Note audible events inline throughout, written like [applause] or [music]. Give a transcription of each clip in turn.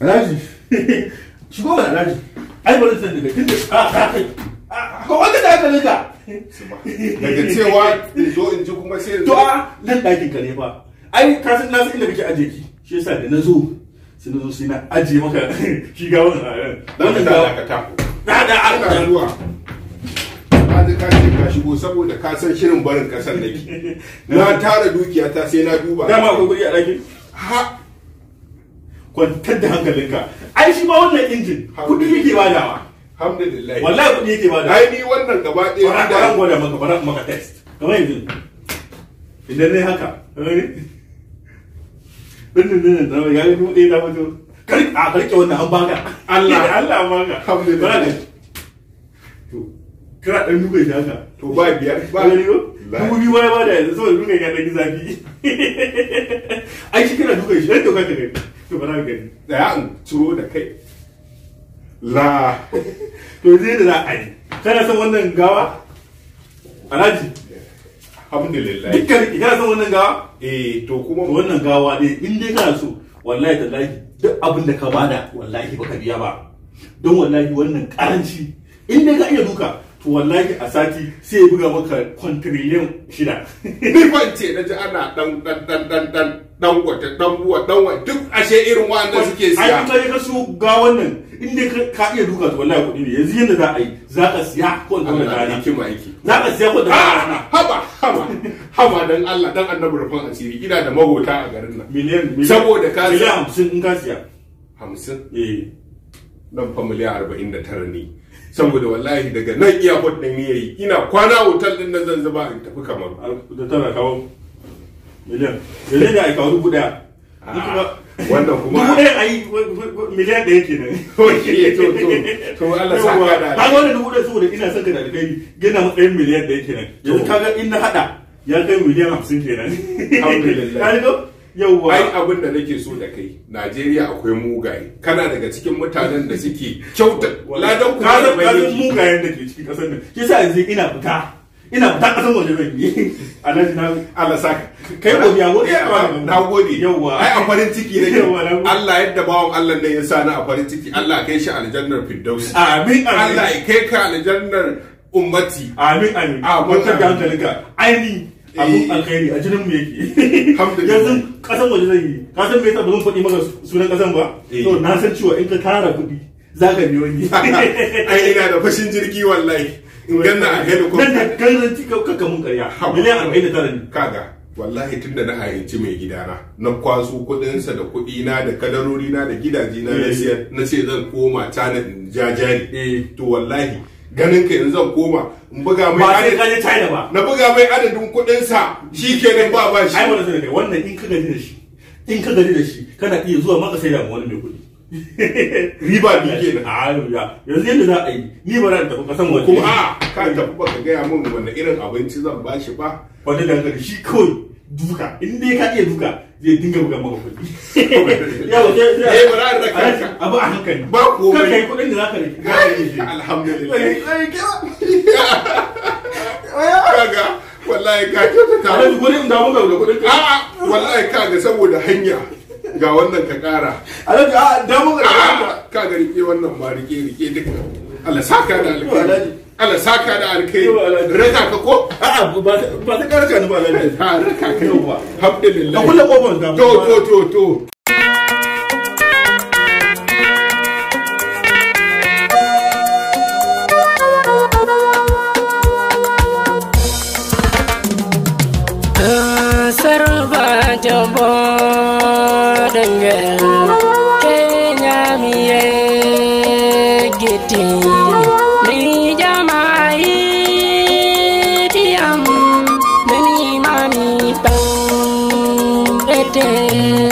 Alhaji. [laughs] Shigo mana Alhaji. Ai bari sai daga tunda a ka kai. Ko wanda da ka nika. Daga cewa in zo in ji kuma sai to a nan dakin ka ne fa. Ai ka san na san inda kake aje ki. Shi yasa da na zo sai na zo sai na aje maka [laughs] shi ga wannan. Dan ka ta. Da da aka ruwa. kaji ka ce ka shigo saboda ka san shirin barin kasar nake [laughs] na tara dukiya ta sai na duba dama akwai kuɗi a ɗakin ha kwantar da hankalinka ai shi ma wannan injin kudi yake badawa alhamdulillah wallahi kudi yake badawa ai ni wannan gaba ɗaya bara bara gwada maka bara maka test kamar yanzu idan ne haka din din da ya yi kudi da mutu kar a karke wannan an baka Allah [laughs] Allah baka alhamdulillah to kira dan duka da haka to ba biyar ba ne yo dubu bi wai ba da yanzu so duka ga da gizafi [laughs] ai shi kira duka shi dan to ka kire to da ya an ciro da kai la to zai da kana san wannan gawa alhaji alhamdulillah dukkan kana san wannan gawa eh to kuma wannan gawa dai in dai kana so wallahi tallahi duk abin da ka bada wallahi baka biya ba don wallahi wannan karanci in dai ka iya duka to wallahi a sati sai ya buga maka kwantiriliyan shida ni ban ce na ji ana dan dan dan dan dan dan wata dan buwa dan wa duk ashe irin wa'anda suke siya ai kuma ka su ga wannan in dai ka iya duka to wallahi kuɗi ne yanzu yanda za a yi za ka siya ko da da rana na aiki za ka siya ko da ah, rana haba haba haba dan Allah dan annabi rufan asiri ina da magota a garin nan miliyan miliyan saboda ka siya 50 in ka siya 50 eh dan fa miliyan 49 ne saboda wallahi daga nan airport din ne yayi ina kwana hotel din nan zan in tafi kamar da tana kawo miliyan miliyan ya kawo dubu daya wannan kuma dubu daya ayi miliyan daya ke nan [laughs] oke to to to Allah sa ka da ba wannan dubu daya saboda ina son ka da dai gina matsayin miliyan daya ke nan yanzu kaga in na hada ya kai miliyan 50 kenan alhamdulillah [laughs] yauwa ai abin da nake so da kai Najeriya akwai mugaye kana daga cikin mutanen da suke kyauta ladan ku ka ga mugayen da ke cikin kasar nan kisa yanzu ina fita ina fita kasan waje zan yi [laughs] a nan na Allah saka kai ko biya gode na gode yauwa ai a farin ciki ne Allah yadda bawon Allah ne ya sa a farin ciki Allah kai shi aljannar firdaus amin Allah kai ka aljannar ummati amin amin a wata ga hankalinka ainihin Eh, abun eh. alkhairi a jinin mu yake yanzu kasan waje zan yi ka san me ba zan faɗi maka sunan kasan ba eh. to na san cewa in ka tara kuɗi za ka biyo ni [laughs] ai ina da fashin jirgi wallahi in ganna a gani ko dan kan ci ka kaka mun karya miliyan 49 ne kaga wallahi tun da na hayanci mai gidana na kwaso kuɗinsa da kudina da kadarorina da gidajina na ce zan koma cana in jajari to wallahi ganin ka yanzu zan koma in buga mai adadin ba sai China ba na buga mai adadin kuɗin sa shikenan ba ba shi ai wannan ne wannan in ka gani da shi in ka gani da shi kana iya zuwa maka sai da wani mai kuɗi [laughs] riba bi kenan ya yanzu yadda za a yi ni ba ran tafi kasan waje kuma a ka tafi ka gaya min wanda irin abinci zan bashi ba wani dangane shi kawai duka in dai ka iya duka zai dinga buga maka kuɗi [laughs] yawa eh bara da kanka abu a ne ba ko kai kai kuɗin da zaka rike alhamdulillah eh [laughs] kaga wallahi ka kyautata alhaji gurin da muka da kuɗin a a wallahi kaga saboda hanya ga wannan ka kara alhaji a da muka ka ga rike wannan ba rike rike duka Allah saka da alƙali ala saka da alkai raka ka ko a'a ba ba ta karaka ni ba lalle ha raka ka yawa alhamdulillah kullu kofar da to to to to Sarba jabo dangal Kenya day.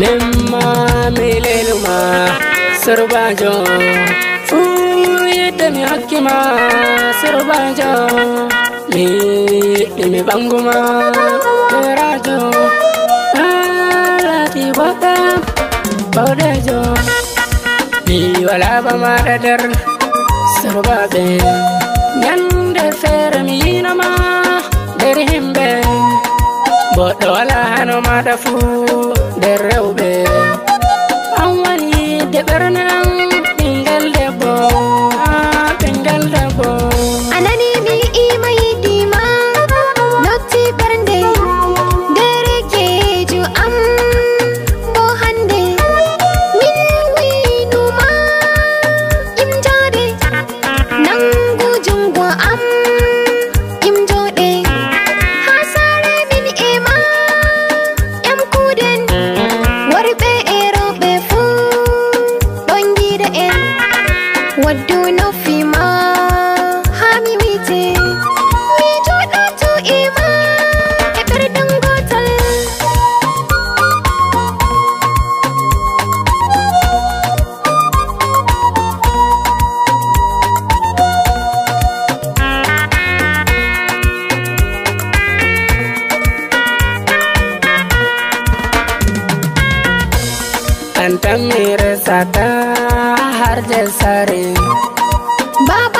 lemma meleluma sirbajo fuyeddemi hakima sirbajo mi ɗimi ɓanguma ɗerajo alati bota bawɗejo mi wala ba nder sirbaɓe ñande feere mi nama nder Boɗo wala hano maɗa fu nder rewɓe An wani deɓer nan ta mirisa ta har jasare. Babu